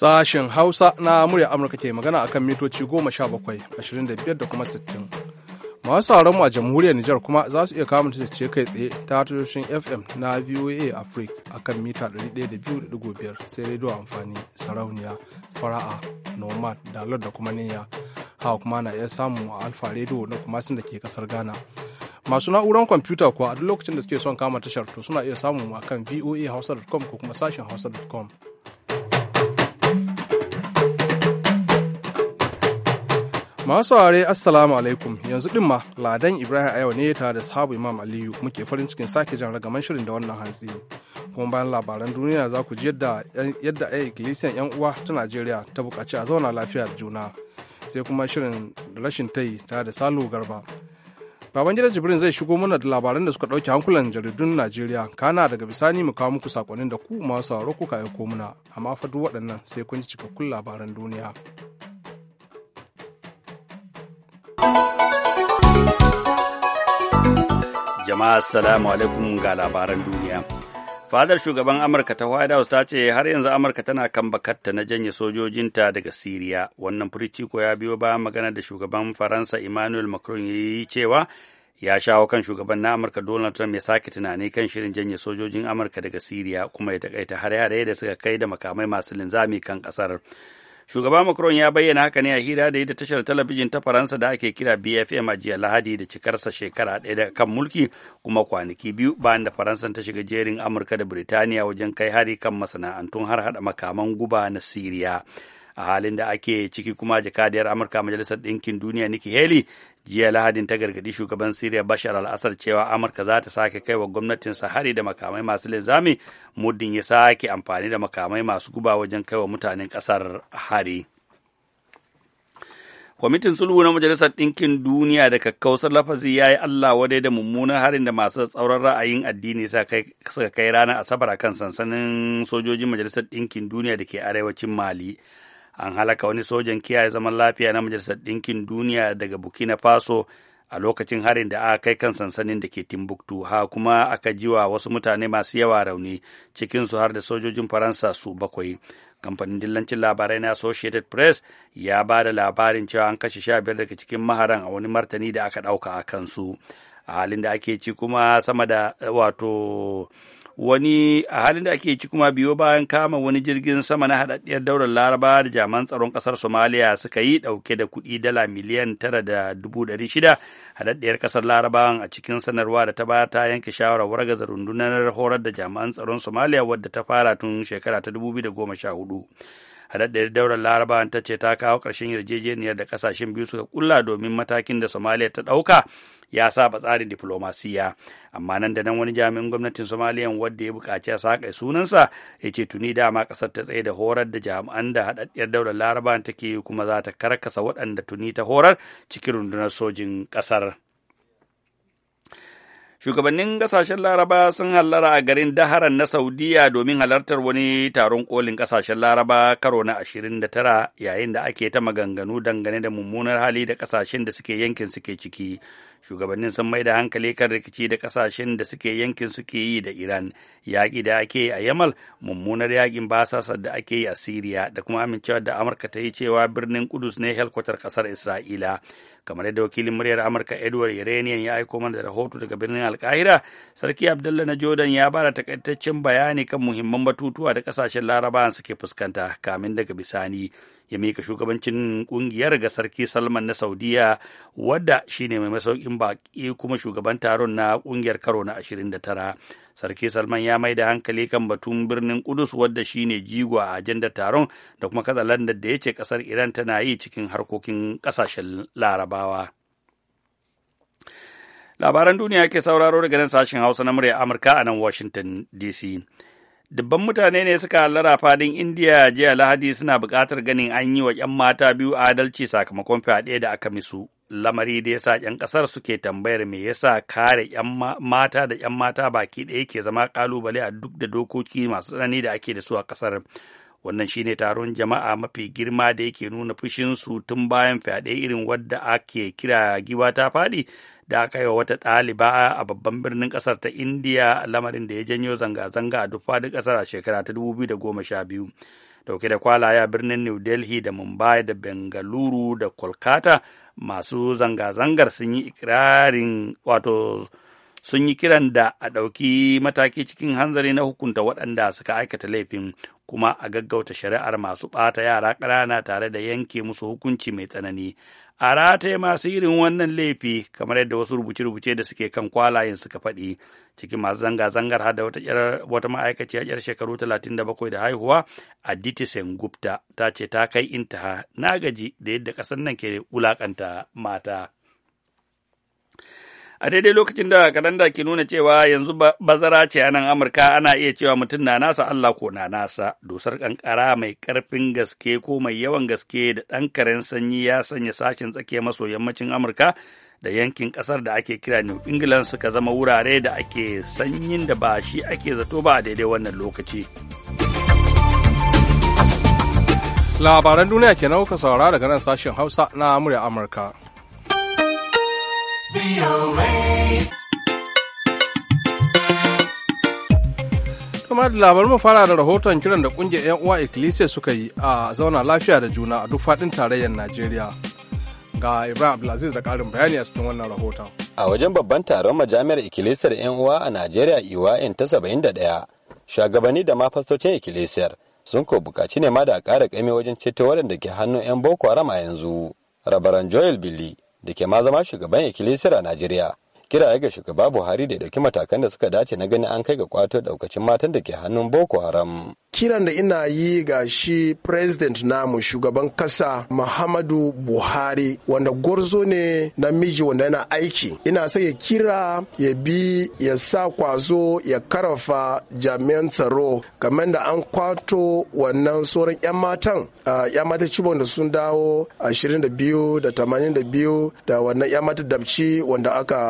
Sashen Hausa na murya Amurka ke magana akan mitoci goma sha bakwai 25 da kuma 60. Masu sauranmu a jamhuriyar Nijar kuma za su iya kama ce kai tsaye ta tashoshin FM na VOA Africa akan mita 102.5 sai rediyo amfani sarauniya fara'a nomad dalar da kuma niyya hawa kuma na iya samu a alfa rediyo na kuma sun da ke kasar Ghana. masu na'urar kwamfuta kuwa a duk lokacin da suke son kama tashar to suna iya samun mu akan hausa.com ko kuma sashen hausa.com. Masu saurare Assalamu alaikum yanzu din ma Ladan Ibrahim a yau ne tare da sahabu Imam Aliyu muke farin cikin sake jan ragaman shirin da wannan hantsi. Kuma bayan labaran duniya za ku ji yadda yadda a yan uwa ta Najeriya ta bukaci a zauna lafiya juna. Sai kuma shirin rashin tayi tare da Salu Garba. Baban gida Jibrin zai shigo mana da labaran da suka ɗauki hankulan jaridun Najeriya kana daga bisani mu kawo muku sakonnin da ku masu sauraro kuka aiko muna amma fa duk waɗannan sai kun ji cikakkun labaran duniya. jama'a assalamu alaikum ga labaran duniya fadar shugaban amurka ta white house ta ce har yanzu amurka tana kan bakatta na janye sojojinta daga siriya wannan furici ko ya biyo ba magana da shugaban faransa emmanuel macron ya yi cewa ya shawo kan shugaban na amurka donald trump ya sake tunani kan shirin janye sojojin amurka daga siriya kuma ya takaita hare-hare da suka kai da makamai masu linzami kan kasar shugaba macron ya bayyana haka ne a hira da yi tashar talabijin ta faransa da ake kira bfm a jiya lahadi da cikarsa shekara ɗaya da kan mulki kuma kwanaki biyu bayan da faransa ta shiga jerin amurka da birtaniya wajen kai hari kan masana'antun har hada makaman guba na siriya a halin da ake ciki kuma jakadiyar amurka majalisar ɗinkin duniya nikki haley jiya lahadin ta gargadi shugaban siriya bashar al-assad cewa amurka za ta sake kai wa gwamnatin sa hari da makamai masu linzami muddin ya sake amfani da makamai masu guba wajen kai wa mutanen ƙasar hari. kwamitin sulhu na majalisar ɗinkin duniya da kakkausar lafazi ya yi allah wadai da mummunan harin da masu tsauran ra'ayin addini suka kai ranar asabar akan sansanin sojojin majalisar ɗinkin duniya da ke arewacin mali an halaka wani sojan kiyaye zaman lafiya na majalisar ɗinkin duniya daga burkina faso a lokacin harin da aka kai kan sansanin da ke timbuktu ha kuma aka jiwa wasu mutane masu yawa rauni cikinsu har da sojojin faransa su bakwai kamfanin dillancin labarai na associated press ya ba da labarin cewa an kashe sha biyar daga cikin maharan a wani martani da aka ɗauka a kansu a halin da ake ci kuma sama da wato wani a halin da ake ci kuma biyo bayan kama wani jirgin sama na haɗaɗɗiyar daular laraba da jaman tsaron ƙasar somaliya suka yi ɗauke da kuɗi dala miliyan tara da dubu ɗari shida haɗaɗɗiyar ƙasar larabawan a cikin sanarwa da ta ba ta yanke shawarar wargaza rundunar horar da jami'an tsaron somaliya wadda ta fara tun shekara ta dubu biyu da goma sha hudu haɗaɗɗiyar daular laraba ta ce ta kawo ƙarshen yarjejeniyar da ƙasashen biyu suka kulla domin matakin da somaliya ta ɗauka ya saba tsarin diflomasiya amma nan da nan wani jami'in gwamnatin somaliya wanda ya buƙaci ya saƙa sunansa ya ce tuni dama ƙasar ta tsaye da horar da jami'an da haɗaɗɗiyar daular laraba take kuma za ta karkasa waɗanda tuni ta horar cikin rundunar sojin ƙasar. Shugabannin ƙasashen Laraba sun hallara a garin Daharan na Saudiya domin halartar wani taron kolin ƙasashen Laraba karo na 29 yayin da ake ta maganganu dangane da mummunar hali da ƙasashen da suke yankin suke ciki. shugabannin sun mai da hankali kan rikici da kasashen da suke yankin suke yi da iran yaƙi da ake yi a yamal mummunar yaƙin basasa da ake yi a siriya da kuma amincewa da amurka ta yi cewa birnin kudus ne helkwatar ƙasar isra'ila kamar yadda wakilin muryar amurka edward iranian ya aiko mana da rahoto daga birnin alkahira sarki abdullah na jordan ya bada takaitaccen bayani kan muhimman batutuwa da kasashen larabawan suke fuskanta kamin daga bisani ya mika shugabancin kungiyar ga sarki salman na saudiya wadda shine mai masaukin baki kuma shugaban taron na kungiyar karo na 29 sarki salman ya mai da hankali kan batun birnin kudus wadda shine jigo a ajandar taron da kuma katsalandar da ya ce kasar iran tana yi cikin harkokin kasashen larabawa labaran duniya ke sauraro daga nan sashen hausa na murya amurka a nan washington dc dubban mutane ne suka halara fadin indiya jiya lahadi suna buƙatar ganin an yi wa 'yan mata biyu adalci sakamakon fyaɗe da aka misu lamari da yasa 'yan ƙasar suke tambayar me yasa kare 'yan mata da 'yan mata baki ɗaya ke zama ƙalubale a duk da dokoki masu tsanani da ake da su a ƙasar wannan shine taron jama'a mafi girma da yake nuna fushin su tun bayan fyaɗe irin wadda ake kira giwa ta faɗi da aka yi wa wata ɗaliba a babban birnin ƙasar ta indiya lamarin da ya janyo zanga-zanga a duk faɗin ƙasar a shekara ta 2012 dauke da kwalaya birnin new delhi da mumbai da bengaluru da kolkata masu zanga-zangar sun yi ikirarin wato sun yi kiran da a ɗauki mataki cikin hanzari na hukunta waɗanda suka aikata laifin kuma a gaggauta shari'ar masu ɓata yara ƙanana tare da yanke musu hukunci mai tsanani a rataye masu irin wannan laifi kamar yadda wasu rubuce-rubuce da suke kan kwalayen suka faɗi cikin masu zanga-zangar hada wata wata ma'aikaciya yar shekaru talatin da da haihuwa a ditisen gupta ta ce ta kai intaha na gaji da yadda ƙasar nan ke wulaƙanta mata a daidai lokacin da kalanda ke nuna cewa yanzu bazara ce a nan amurka ana iya cewa mutum na nasa allah ko na nasa dusar kankara mai karfin gaske ko mai yawan gaske da ɗan karen sanyi ya sanya sashen tsakiyar maso yammacin amurka da yankin ƙasar da ake kira new england suka zama wurare da ake sanyin da ba shi ake zato ba a daidai wannan lokaci labaran duniya kenan kuka saurara daga nan sashen hausa na murya amurka kuma da labar mu fara da rahoton kiran da kungiyar 'yan uwa Ecclesia suka yi a zauna lafiya da juna a duk faɗin tarayyar Najeriya. Ga Ibrahim Abdulaziz da karin bayani a cikin wannan rahoton. A wajen babban taron majami'ar Ecclesiar 'yan uwa a Najeriya iwain ta 71, shugabanni da ma fastocin Ecclesiar sun ko bukaci ne ma da ƙara ƙame wajen ceto waɗanda ke hannun 'yan Boko Haram a yanzu. Rabaran Joel Billy da ke ma zama shugaban ikilisiyar a Najeriya. Kira ga shugaba Buhari da ya ɗauki matakan da suka dace na ganin an kai ga kwato ɗaukacin matan da ke hannun Boko Haram. kiran da ina yi ga shi president namu shugaban kasa muhammadu buhari wanda gwarzo ne miji wanda yana aiki ina sai ya kira ya bi ya sa kwazo ya karafa jami'an tsaro kamar da an kwato wannan sauran 'yan matan ya mata cibon da sun dawo 22 da 82 da wannan 'yan mata dabci wanda aka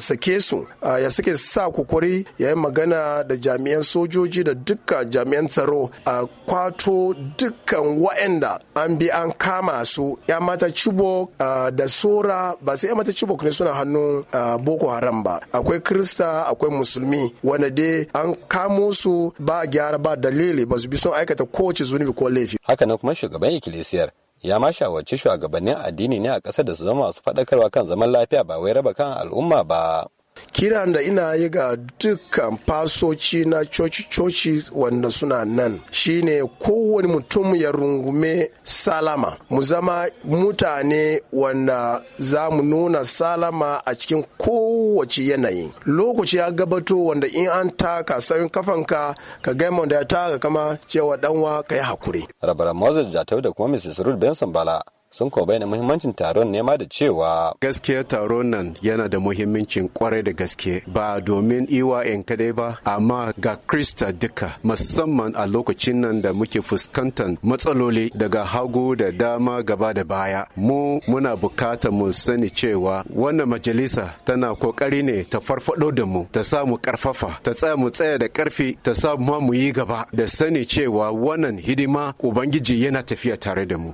sake su ya suke sa kokori ya yi magana da jami'an sojoji da duka. jami'an tsaro a kwato dukkan wa'anda an bi an kama su ya mata chibok da sora ba sai ya mata chibok ne suna hannun boko haram ba akwai krista akwai musulmi wanda dai an kamo su ba gyara ba dalili ba su bi sun aikata kowace zunubi ko laifi haka nan kuma shugaban ikilisiyar ya ma shawarci shugabannin addini ne a ƙasar da su zama masu faɗakarwa kan zaman lafiya ba wai raba kan al'umma ba kiran da ina yi ga dukkan fasoci na coci-coci wanda suna nan shine kowane mutum ya rungume salama mu zama mutane wanda za mu nuna salama a cikin kowace yanayi lokaci ya gabato wanda in an taka sauyin kafanka ka gaima da ya taka kama cewa danwa ka yi hakuri. Rabara Moses Jatau da kuma Mrs. Ruth Benson Bala sun ko bayyana muhimmancin taron nema da cewa gaskiya taron nan yana da muhimmancin kwarai da gaske ba domin iwa in kadai ba amma ga krista duka musamman a lokacin nan da muke fuskantar matsaloli daga hagu da dama gaba da baya mu muna bukata mu sani cewa wannan majalisa tana kokari ne ta farfado da mu ta samu karfafa ta tsaya mu tsaya da karfi ta samu mu yi gaba da sani cewa wannan hidima ubangiji yana tafiya tare da mu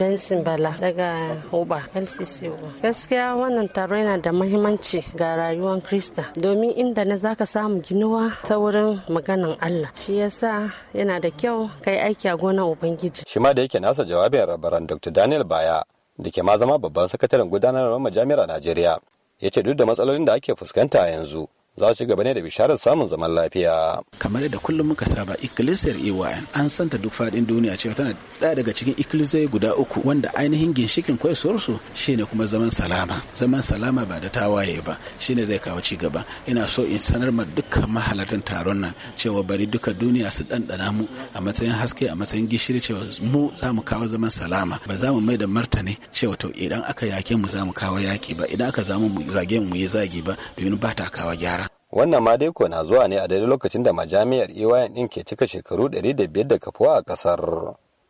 Benson ba Dala daga Hoba LCC. Gaskiya wannan taron yana da mahimmanci ga rayuwar Krista domin inda na zaka samu ginuwa ta wurin maganan Allah. Shi yasa yana da kyau kai aiki a gonar Ubangiji. Shi ma da yake nasa jawabin rabaran Dr. Daniel Baya da ke ma zama babban sakataren gudanarwar majami'ar a Najeriya. Ya ce duk da matsalolin da ake fuskanta yanzu za su gaba ne da bisharar samun zaman lafiya. Kamar yadda kullum muka saba ikkilisiyar EYN an santa duk faɗin duniya cewa tana ɗaya daga cikin ikkilisiyoyi guda uku wanda ainihin ginshikin Shi shine kuma zaman salama. Zaman salama ba da tawaye ba shine zai kawo ci gaba. Ina so in sanar ma dukkan mahalartan taron nan cewa bari duka duniya su ɗanɗana mu a matsayin haske a matsayin gishiri cewa mu za mu kawo zaman salama ba za mu mai da martani cewa to idan aka yake mu za mu kawo yaƙi ba idan aka zamu zage mu yi zagi ba domin ba ta kawo gyara. wannan ma dai ko na zuwa ne a daidai lokacin da majami'ar EYN din ke cika shekaru 500 da kafuwa a kasar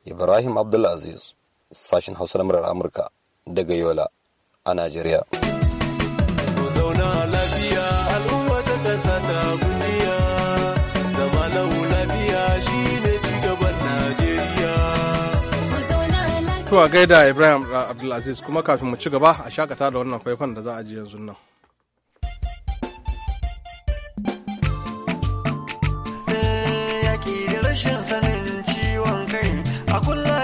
Ibrahim Abdulaziz sashen Hausa na murar Amurka daga Yola a Najeriya. To a gaida Ibrahim Abdulaziz kuma kafin mu ci gaba a shakata da wannan faifan da za a ji yanzu nan. rashin sanin ciwon kai a kulla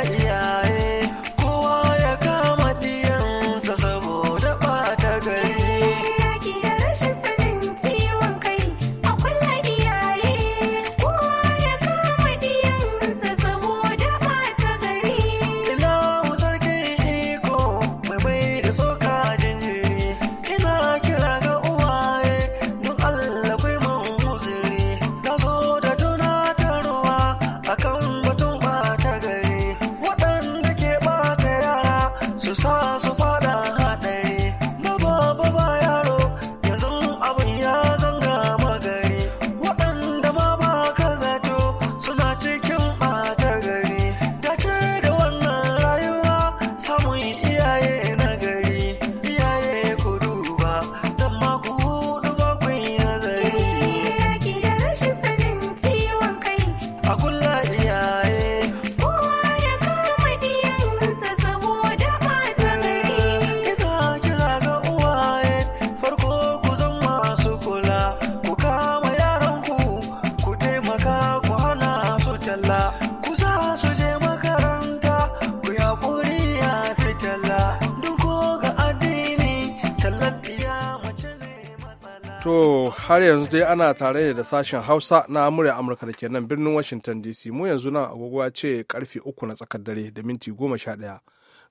har yanzu dai ana tare da sashen hausa na murya amurka da ke nan birnin washington dc mu yanzu nan agogo ce karfe uku na tsakar dare da minti goma sha ɗaya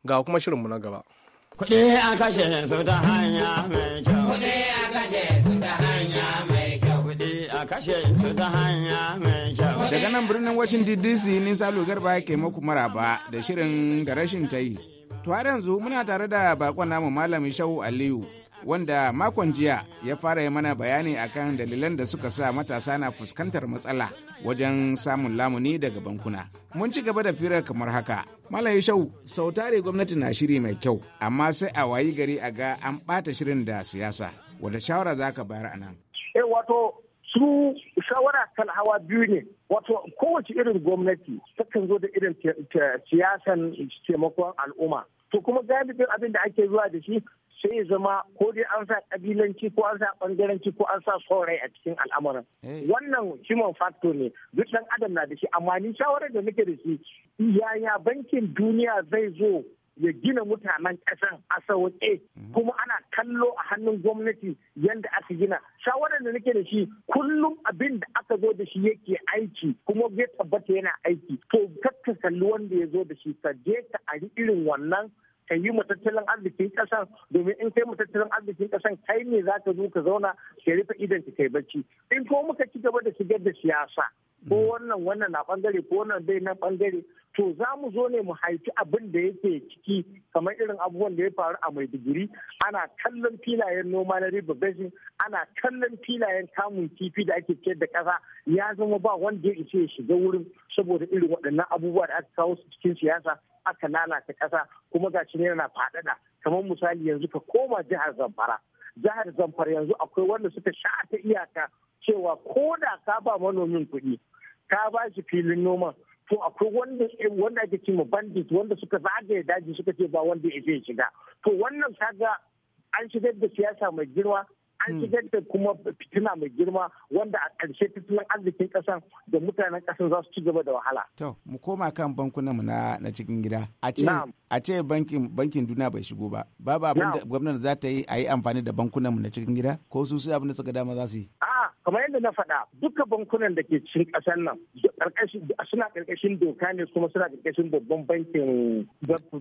ga kuma shirinmu na gaba daga nan birnin washington dc ni salo garba ke muku maraba da shirin da rashin ta yi to har yanzu muna tare da bakon namu malamin shau aliyu wanda makon jiya ya fara yi mana bayani akan dalilan da suka sa matasa na fuskantar matsala wajen samun lamuni daga bankuna. Mun ci gaba da firar kamar haka. Malam Shau, sau tare gwamnati na shiri mai kyau, amma sai a wayi gari a ga an ɓata shirin da siyasa. Wata shawara za ka bayar a nan? Eh wato su shawara kan hawa biyu ne. Wato kowace irin gwamnati takan zo da irin siyasan taimakon al'umma. to kuma galibin abin da ake zuwa da shi sai ya zama ko dai an sa kabilanci ko an sa bangaranci ko an sa saurayi a cikin al'amarin eh. wannan human factor ne duk dan adam na da shi amma ni shawarar da nake da shi yaya bankin duniya zai zo ya gina mutanen ƙasan a sauƙe mhm. kuma ana kallo a hannun gwamnati yadda aka gina shawarar da nake da shi kullum abin da aka zo da shi yake aiki kuma bai tabbata yana aiki to kakka kalli wanda ya zo da shi ka je ka a irin wannan ka yi matattalin arzikin kasan domin in kai matattalin arzikin kasan kai ne za ka zo ka zauna ka rufe idan ka kai bacci in ko muka ci gaba da shigar da siyasa ko mm. wannan wannan na bangare ko wannan bai na bangare to za mu zo ne mu haifi abin da yake ciki kamar irin abubuwan da ya faru a mai digiri ana kallon filayen noma na riba basin ana kallon filayen kamun kifi da ake ciyar da kasa ya zama ba wanda ya ishe shiga wurin saboda irin waɗannan abubuwa da aka kawo su cikin siyasa aka lalata ƙasa kuma ga shi yana faɗaɗa kamar misali yanzu ka koma jihar zamfara jihar zamfara yanzu akwai wanda suka sha ta iyaka cewa ko da ka ba manomin kuɗi ka ba shi filin noma to akwai wanda wanda ake cewa bandit wanda suka zagaye daji suka ce ba wanda ya shiga to wannan kaga an shigar da siyasa mai girma an hmm. shigar da kuma fitina mai girma wanda a ƙarshe tattalin arzikin kasa da mutanen kasa za su ci gaba da wahala. To, mu koma kan bankunanmu na, na cikin gida. A ce, bankin, duniya bai shigo ba. Babu abin da gwamnati za ta yi a yi amfani da bankunanmu na cikin gida? Ko su su abin da suka dama za su yi? kamar yadda na faɗa duka bankunan da ke cikin ƙasar nan suna ƙarƙashin doka ne kuma suna ƙarƙashin babban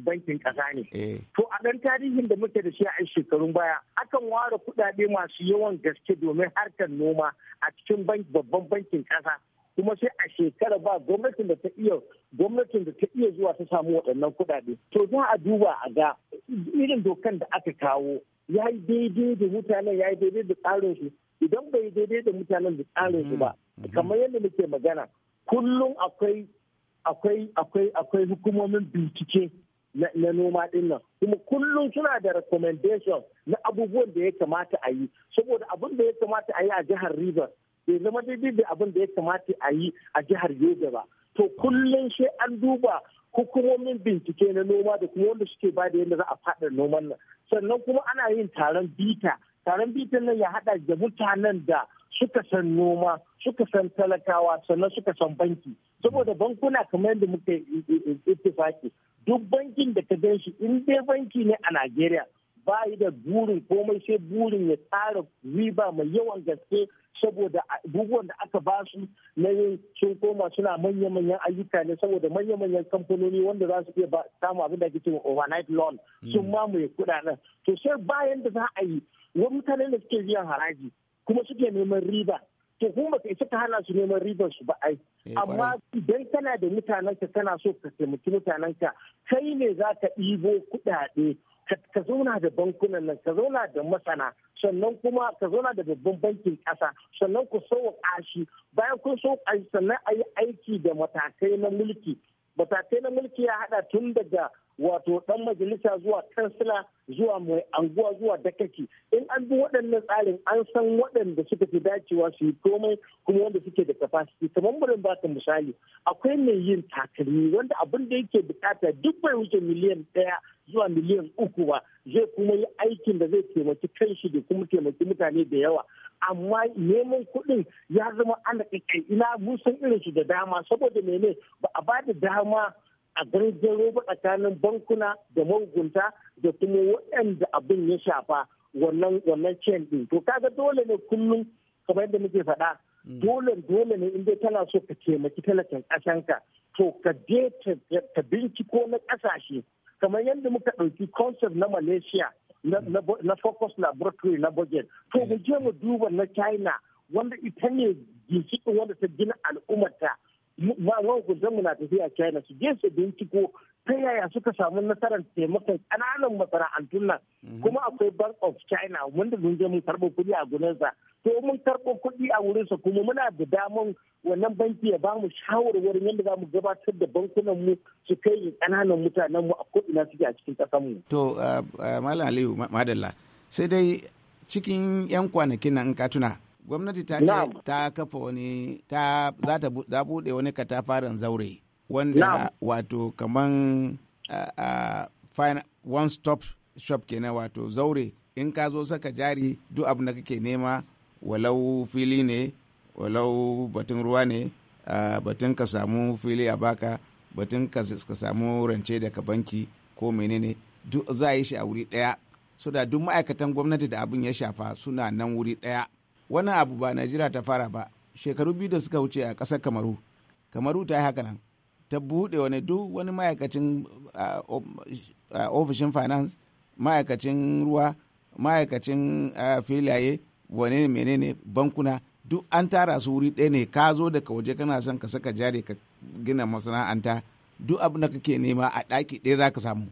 bankin ƙasa ne eh. to a ɗan tarihin da muke da shi a shekarun baya akan ware kuɗaɗe masu yawan gaske domin harkar noma a cikin babban bankin ƙasa kuma sai a shekara ba gwamnatin da ta iya gwamnatin da ta iya zuwa ta samu waɗannan kuɗaɗe to za a duba a ga irin dokan da aka kawo ya yi daidai da mutanen ya yi daidai da tsarin su idan bai daidai da mutanen da tsarin su ba mm-hmm. Mm-hmm. kamar yadda muke magana kullum akwai hukumomin bincike na noma din kuma kullum suna da recommendation na abubuwan da ya kamata a yi saboda abin da ya kamata a yi a jihar river bai zama daidai da abin da ya kamata a yi a jihar Yobe ba to kullum sai an duba hukumomin bincike na noma da kuma wanda suke ba da yadda za a faɗa noman nan sannan kuma ana yin taron bita taron bitan nan ya haɗa da mutanen da suka san noma suka san talakawa sannan suka san banki saboda bankuna kamar yadda muka ittifaki duk bankin da ka gan shi in dai banki ne a Najeriya ba yi da burin komai sai burin ya tsara riba mai yawan gaske saboda abubuwan da aka ba su na yin sun koma suna manya-manyan ayyuka ne saboda manya-manyan kamfanoni wanda za su iya samu abin da ake cewa overnight loan sun mm. mamaye kudaden to sai bayan da za a yi wani mutanen da suke biyan haraji kuma suke neman riba to kuma ka isa ka hana su neman ribar su ba ai eh, amma idan kana da mutanen ka kana so ka taimaki mutanen ka kai ne za ka ɗibo kuɗaɗe ka zauna da bankunan nan ka zauna da masana sannan kuma ka zauna da babban bankin ƙasa sannan ku sauwa ƙashi bayan kun so sannan a yi aiki da matakai na mulki matakai na mulki ya haɗa tun daga wato dan majalisa zuwa kansila zuwa mai anguwa zuwa dakaki in an bi waɗannan tsarin an san waɗanda suka fi dacewa su yi komai kuma wanda suke da capacity kamar murin ba ta misali akwai mai yin takalmi wanda abin da yake bukata duk bai wuce miliyan ɗaya zuwa miliyan uku ba zai kuma yi aikin da zai taimaki kanshi da kuma taimaki mutane da yawa amma neman kuɗin ya zama ana ina mun san irin su da dama saboda mene ba a ba da dama a gargaro roba tsakanin bankuna da mahukunta da kuma waɗanda abin ya shafa wannan wannan chain din to kaga dole ne kullum kamar yadda muke faɗa mm. dole dole ne in dai tana so ka taimaki talakan ƙasanka to ka je ka binciko na ƙasashe kamar yadda muka ɗauki concept na malaysia na focus laboratory na budget to mu je mu duba na china wanda ita ne ginshiƙin wanda ta gina al'ummata mahukuntanmu na tafiya china su je su binciko ta yaya suka samu nasarar taimakon ƙananan masana'antun nan mhm. kuma akwai bank of china wanda mun je mun karɓo kuɗi a gurinsa to mun karɓo kuɗi a wurinsa kuma muna da daman wannan banki ya ba mu shawarwarin yadda za mu gabatar da bankunan mu su kai ƙananan mutanen mu a ko'ina suke a cikin kasar mu. to eh, eh, malam aliyu madalla sai dai cikin 'yan kwanakin nan in ka tuna gwamnati ta ce ta kafa wani ta za ta bude wani katafaren zaure wanda wato kaman one stop shop kenan wato zaure in ka zo saka jari duk abin da kake nema walau fili ne walau batun ruwa ne batun ka samu fili a baka batun ka samu rance daga banki ko menene duk za a yi shi a wuri daya so da duk ma'aikatan gwamnati da abin ya shafa suna nan wuri daya wannan abu ba najira ta fara ba shekaru biyu da suka wuce a ƙasar kamaru kamaru ta yi haka nan ta buɗe wani duk wani ma'aikacin ofishin finance ma'aikacin ruwa ma'aikacin filaye wane menene bankuna duk an tara su wuri ɗaya ne ka zo daga waje kana son ka saka jari ka gina masana'anta duk abin da kake nema a ɗaki ɗaya za ka samu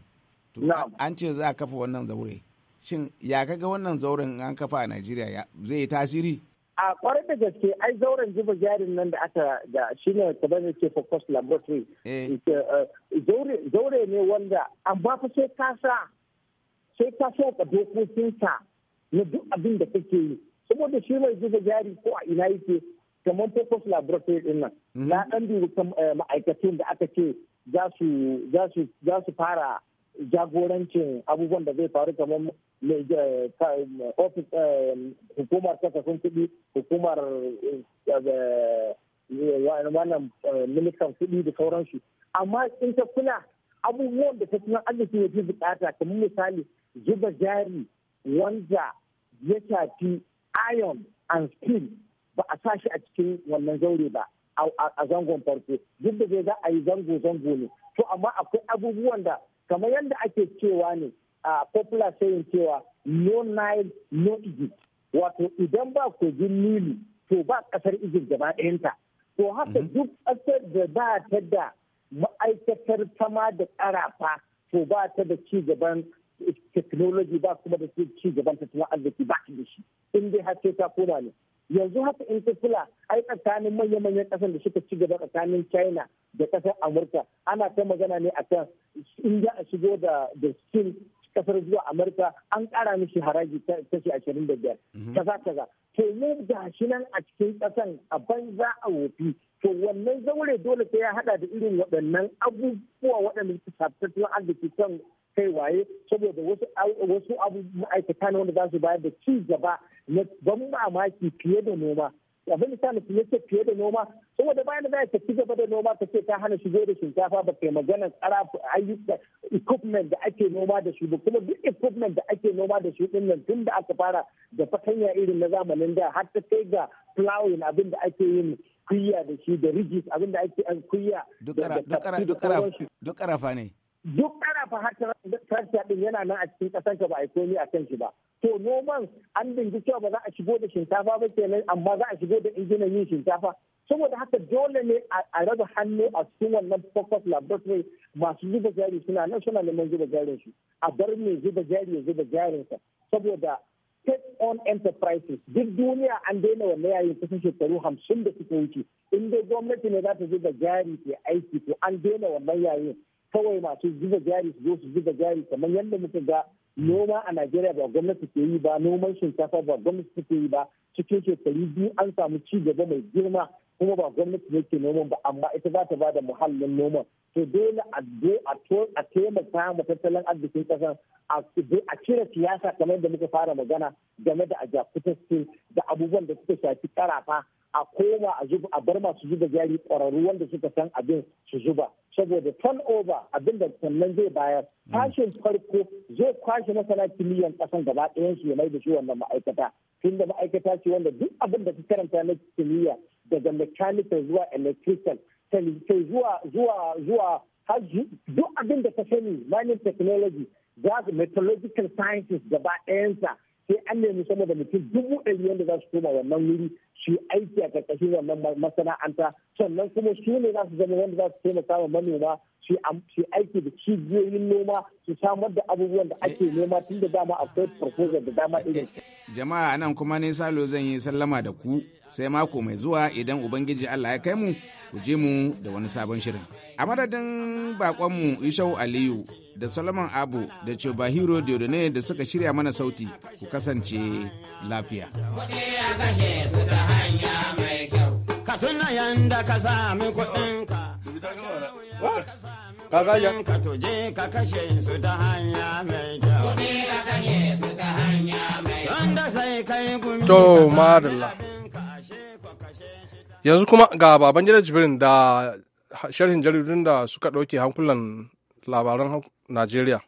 an ce za a kafa wannan zaure shin ya kaga wannan zauren an kafa a najeriya zai yi tasiri a kwarar da gaske ai zauren zuba jarin nan da aka da shi ne kamar da ke focus laboratory eh. Eh, zaure ne wanda an fa sai ka sa sai ka sa na duk abin da kake yi saboda shi mai zuba jari ko a ina yake kamar focus laboratory din nan mm-hmm. na ɗan dubi eh, ma'aikatan da aka ce za su fara jagorancin abubuwan da zai faru kamar Eh, eh, eh, hukumar kasafin kuɗi hukumar wannan ministan kuɗi da sauransu amma in ta kula abubuwan da ta arziki ya fi bukata kamar misali zuba jari wanda ya shafi iron and steel ba a sa shi a cikin wannan zaure ba a zangon farko duk da zai za a yi zango-zango ne to amma akwai abubuwan da kamar yadda ake cewa ne a popular saying cewa no nile no egypt wato idan ba kogin Nili to ba kasar egypt gaba ɗayanta to haka mhm. duk ƙasar da ba ta da ma'aikatar sama da ƙarafa to ba ta da ci gaban technology ba kuma da ci gaban tattalin arziki ba ta da shi in dai har ta koma ne yanzu haka in ta kula ai tsakanin manya-manyan ƙasar da suka ci gaba tsakanin china da ƙasar amurka ana ta magana ne akan in za a shigo da da steel kasar zuwa amurka an kara mishi haraji ta kashi ashirin da biyar mhm. kaza kaza to mu gashi nan a cikin kasan a banza a wofi to wannan zaure dole sai ya haɗa da irin waɗannan abubuwa waɗanda su shafi tattalin arziki kan kai waye saboda wasu abu ma'aikata na wanda za su bayar da ci gaba na ban mamaki fiye da noma abin da sani ya ce fiye da noma saboda bayan da za ta ci gaba da noma ta ce ta hana shigo da shinkafa ba kai magana tsara ayyuka equipment da ake noma da shi ba kuma duk equipment da ake noma da shi din nan tun da aka fara da fatanya irin na zamanin da har ta kai ga plowing abin da ake yin kuyya da shi da rigis abin da ake an kuyya duk karafa ne duk karafa har ta yana nan a cikin kasan ka ba a komi a kan shi ba to noman an dinga cewa ba za a shigo da shinkafa ba kenan amma za a shigo da injinan yin shinkafa saboda haka dole ne a raba hannu a cikin wannan focus laboratory masu zuba jari suna nan suna neman zuba jarin su a bar mai zuba jari ya zuba jarinsa saboda take on enterprises duk duniya an daina wannan yayin kusan shekaru hamsin da suka wuce in dai gwamnati ne za ta zuba jari ke aiki to an daina wannan yayin kawai masu zuba jari su zo su zuba jari kamar yadda muka ga noma a Najeriya ba gwamnati ke yi ba noman shinkafa ba gwamnati take yi ba cikin shekaru biyu an samu ci gaba mai girma kuma ba gwamnati ne ke noman ba amma ita za ta ba da muhallin noman to dole a zo a taimaka ma tattalin arzikin kasan a cire siyasa kamar da muka fara magana game da ajakuta da abubuwan da suka shafi karafa a koma a a bar masu zuba jari kwararru wanda suka san abin su zuba saboda turnover abin da sannan zai bayar mm. tashin farko zai kwashe masana kimiyyan kasan gaba ɗayan su ya mai da shi wannan ma'aikata tun da ma'aikata ce wanda duk abin da ta karanta na kimiyya daga mechanical zuwa electrical sai zuwa zuwa zuwa hajji duk abin da ta sani mining technology za su metallurgical sciences gaba ɗayansa sai an nemi sama da mutum dubu ɗari wanda za su koma wannan wuri su aiki a ƙarƙashin wannan masana'anta sannan kuma su ne za su zama wanda za su taimaka wa manoma su aiki da cibiyoyin noma su samar da abubuwan da ake eh, eh. nema tun da dama akwai proposal da dama irin. Eh, Jama'a nan kuma ne salo zan yi sallama da ku sai mako mai zuwa idan Ubangiji Allah ya kai mu ku je mu da wani sabon shirin. A madadin bakonmu Ishau Aliyu da Solomon Abu da Chobahiro Diodone da suka shirya mana sauti ku kasance lafiya. Ka tuna yanda ka sami kuɗinka. Kakaja. Ka tuje ka kashe su ta hanya mai kyau. Kuɗi ka kashe su ta hanya mai kyau. Wanda sai kai gumi. To, madalla. Yanzu kuma ga baban gidan jibirin da sharhin jaridun da suka ɗauke hankulan labaran Najeriya.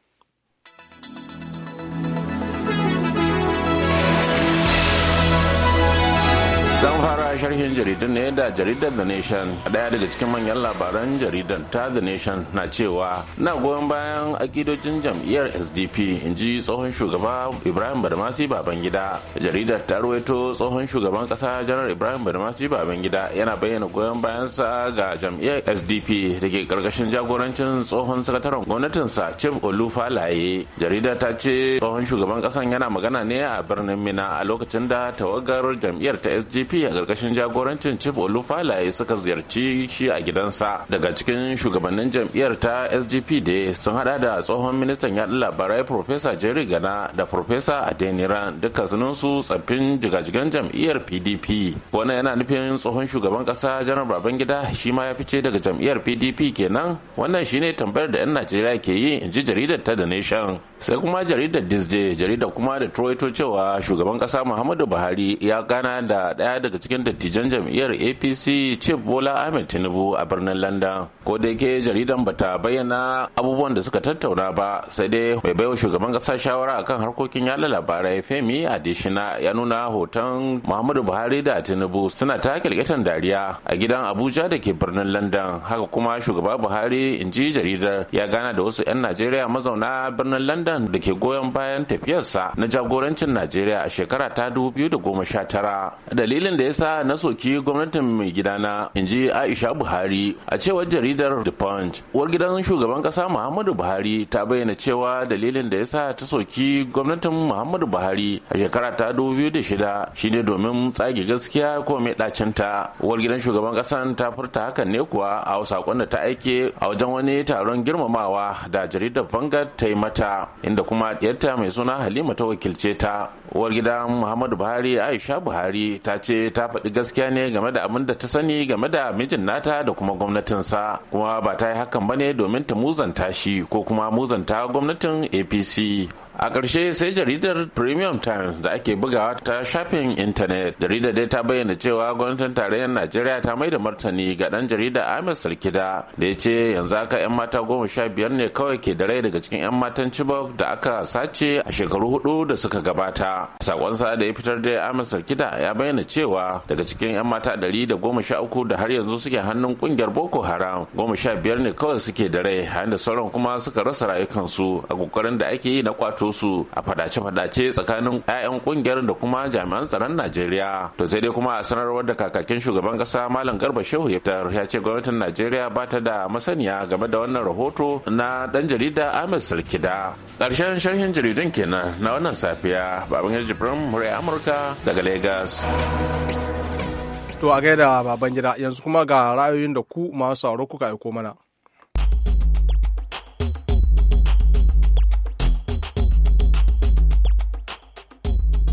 zan fara sharhin jaridar ne da jaridar the nation daya daga cikin manyan labaran jaridar ta the nation na cewa na goyon bayan akidojin jam'iyyar sdp in ji tsohon shugaba ibrahim badamasi babangida jaridar ta ruwaito tsohon shugaban kasa janar ibrahim badamasi babangida yana bayyana goyon bayansa ga jam'iyyar sdp da ke karkashin jagorancin tsohon sakataren gwamnatinsa chief olufalaye jaridar ta ce tsohon shugaban kasan yana magana ne a birnin mina a lokacin da tawagar jam'iyyar ta sdp pdp a ƙarƙashin jagorancin chief olufalaye suka ziyarci shi a gidansa daga cikin shugabannin jam'iyyar ta sgp da sun hada da tsohon ministan yaɗa labarai professor jerry gana da professor adeniran dukkanin su tsaffin jigajigan jam'iyyar pdp wannan yana nufin tsohon shugaban ƙasa janar babangida shi ma ya fice daga jam'iyyar pdp kenan wannan shine tambayar da 'yan najeriya ke yi in ji jaridar ta da nation sai kuma jaridar disney jaridar kuma da troito cewa shugaban ƙasa muhammadu buhari ya gana da ɗaya daga cikin dattijan jam'iyyar apc chief bola ahmed tinubu a birnin london ko da yake jaridan bata bayyana abubuwan da suka tattauna ba sai dai mai baiwa shugaban kasa shawara akan harkokin yada labarai femi adishina ya nuna hoton muhammadu buhari da tinubu suna ta kirkitan dariya a gidan abuja da ke birnin london haka kuma shugaba buhari in ji jaridar ya gana da wasu 'yan najeriya mazauna birnin london da ke goyon bayan tafiyarsa na jagorancin najeriya a shekara ta 2019 dalilin dalilin da ya sa na soki gwamnatin mai gidana in ji aisha buhari a cewar jaridar the punch uwar gidan shugaban kasa muhammadu buhari ta bayyana cewa dalilin da ya sa ta soki gwamnatin muhammadu buhari a shekara ta 2006 shine domin tsage gaskiya ko mai dacin ta uwar gidan shugaban kasa ta furta hakan ne kuwa a sakon da ta aike a wajen wani taron girmamawa da jaridar banga ta yi mata inda kuma diyarta mai suna halima ta wakilce ta uwar gidan muhammadu buhari aisha buhari ta ce ta faɗi gaskiya ne game da abin da ta sani game da mijin nata da kuma gwamnatinsa kuma ba ta yi hakan ba ne domin ta muzanta shi ko kuma muzanta gwamnatin apc a ƙarshe sai jaridar premium times da ake bugawa ta shafin intanet jaridar dai ta bayyana cewa gwamnatin tarayyar najeriya ta mai da martani ga ɗan jarida ahmed sarkida da ya ce yanzu aka 'yan mata goma sha biyar ne kawai ke da rai daga cikin 'yan matan chibok da aka sace a shekaru hudu da suka gabata sakonsa da ya fitar da ahmed sarkida ya bayyana cewa daga cikin 'yan mata ɗari da goma sha uku da har yanzu suke hannun ƙungiyar boko haram goma sha biyar ne kawai suke da rai yayin da sauran kuma suka rasa rayukansu a ƙoƙarin da ake yi na kwato su a fadace-fadace tsakanin 'ya'yan kungiyar da kuma jami'an tsaron najeriya to sai dai kuma a sanarwar da kakakin shugaban kasa malam garba shehu ya ce gwamnatin najeriya ba ta da masaniya game da wannan rahoto na dan jarida ahmed sarkida ƙarshen sharhin jaridun kenan na wannan safiya baban yaji jibrin murai amurka daga lagos to a gaida baban gida yanzu kuma ga ra'ayoyin da ku masu sauro kuka aiko mana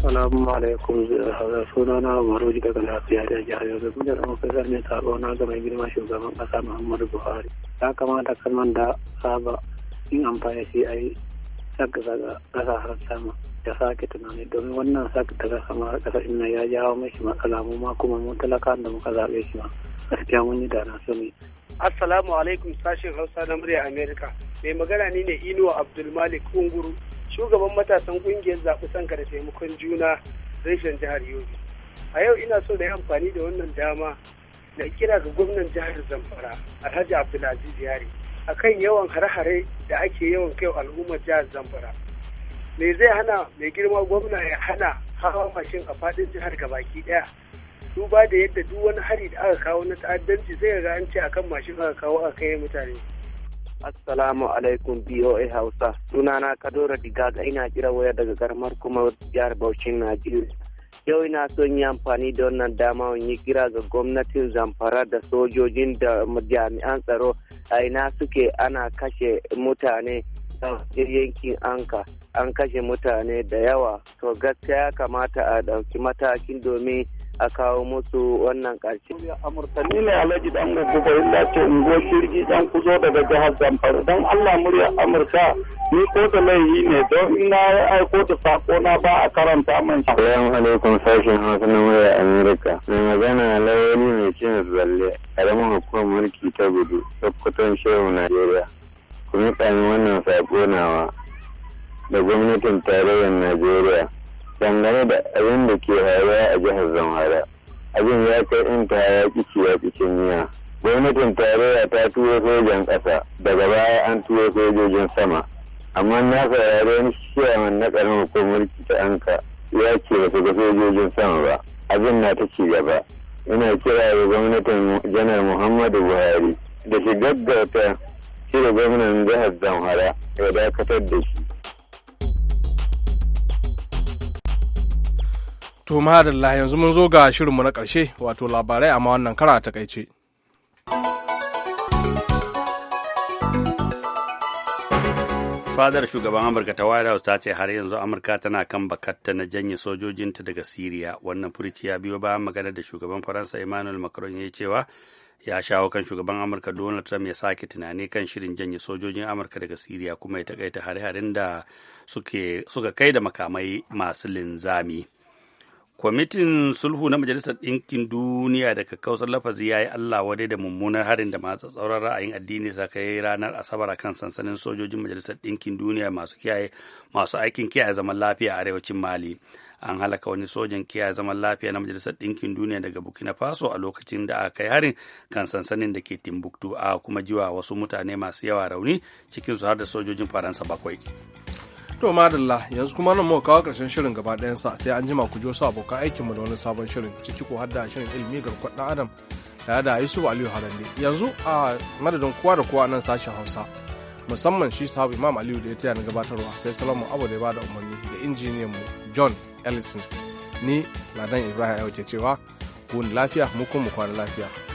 Assalamu alaikum sunana Umaru daga lafiya da jihar Yobe mun da kasar ne taro na ga mai girma shugaban kasa Muhammadu Buhari ya kamata kaman da saba in amfani shi ai saka daga kasa har sama ya sake tunani domin wannan saka daga sama har kasa inna ya jawo mashi matsala mu ma kuma mu talaka da muka zabe shi ma gaskiya mun yi da na sani Assalamu alaikum sashin Hausa na murya Amerika mai magana ni ne Inuwa Abdulmalik Kunguru shugaban matasan kungiyar zaɓi sanka da taimakon juna reshen jihar yobe a yau ina so da yi amfani da wannan dama na kira ga gwamnan jihar zamfara alhaji abdulaziz yari kan yawan hare-hare da ake yawan kai al'ummar jihar zamfara me zai hana mai girma gwamna ya hana hawa mashin a faɗin jihar ga gabaki daya duba da yadda duk wani hari da aka kawo na ta'addanci zai ga an ce akan mashin aka kawo aka kai mutane Assalamu alaikum BOA Hausa. Sunana Kadora Digaga ina kira waya daga garmar kuma jihar Bauchi Najeriya. Yau ina son yi amfani da wannan dama yi kira ga gwamnatin zamfara da sojojin da jami'an tsaro a ina suke ana kashe mutane a yankin anka. An kashe mutane da yawa. To gaskiya ya kamata a ɗauki matakin domin a kawo musu wannan ƙarshe. Amurka ni ne Alhaji dan gugu in dace unguwar jirgi dan kuzo daga jihar Zamfara dan Allah murya Amurka ni ko da laifi ne don in na yi aiko da sako na ba a karanta man shi. Assalamu alaikum sashen Hausa na murya Amurka. Mai magana lauyoyi mai cin zalle karamin hukumar mulki ta gudu Sokoton Shehu Najeriya. Ku miƙa wannan sako nawa da gwamnatin tarayyar Najeriya. dangane da abin da ke faruwa a jihar zamara abin ya kai inta ya kici ya cikin miya gwamnatin tarayya ta tura sojan ƙasa daga baya an tura sojojin sama amma na saurari wani shiyaman na ƙaramin hukumar ta anka ya ce ba su ga sojojin sama ba abin na ta ci gaba ina kira da gwamnatin janar muhammadu buhari da shi gaggauta shi da gwamnan jihar zamfara ya dakatar da shi To madalla yanzu mun zo ga shirinmu na ƙarshe wato labarai amma wannan kara a takaice. Fadar shugaban Amurka ta White House ta ce har yanzu Amurka tana kan bakatta na janye sojojinta daga Siriya. Wannan furici ya biyo bayan magana da shugaban Faransa Emmanuel Macron ya cewa ya shawo kan shugaban Amurka Donald Trump ya sake tunani kan shirin janye sojojin Amurka daga Siriya kuma ya takaita hare-haren da suka kai da makamai masu linzami. kwamitin sulhu na majalisar ɗinkin duniya da kakkausar lafazi ya yi allah wade da mummunar harin da masu tsauran ra'ayin addini sa kai ranar asabar kan sansanin sojojin majalisar ɗinkin duniya masu kiyaye masu aikin kiyaye zaman lafiya a arewacin mali an halaka wani sojan kiyaye zaman lafiya na majalisar ɗinkin duniya daga burkina faso a lokacin da aka kai harin kan sansanin da ke timbuktu a kuma jiwa wasu mutane masu yawa rauni cikinsu har da sojojin faransa bakwai To madalla yanzu kuma nan muka kawo ƙarshen shirin gaba ɗayansa sai an jima ku jo su abokan aikinmu da wani sabon shirin ciki ko hadda shirin ilimi garkuwar ɗan adam tare da Yusuf Aliyu Harande yanzu a madadin kowa da kowa nan sashen Hausa musamman shi sahabu Imam Aliyu da ya taya na gabatarwa sai Salamu Abu da ya bada umarni da injiniyan mu John Ellison ni Ladan Ibrahim Ayo ke cewa ku lafiya mu kuma mu kwana lafiya.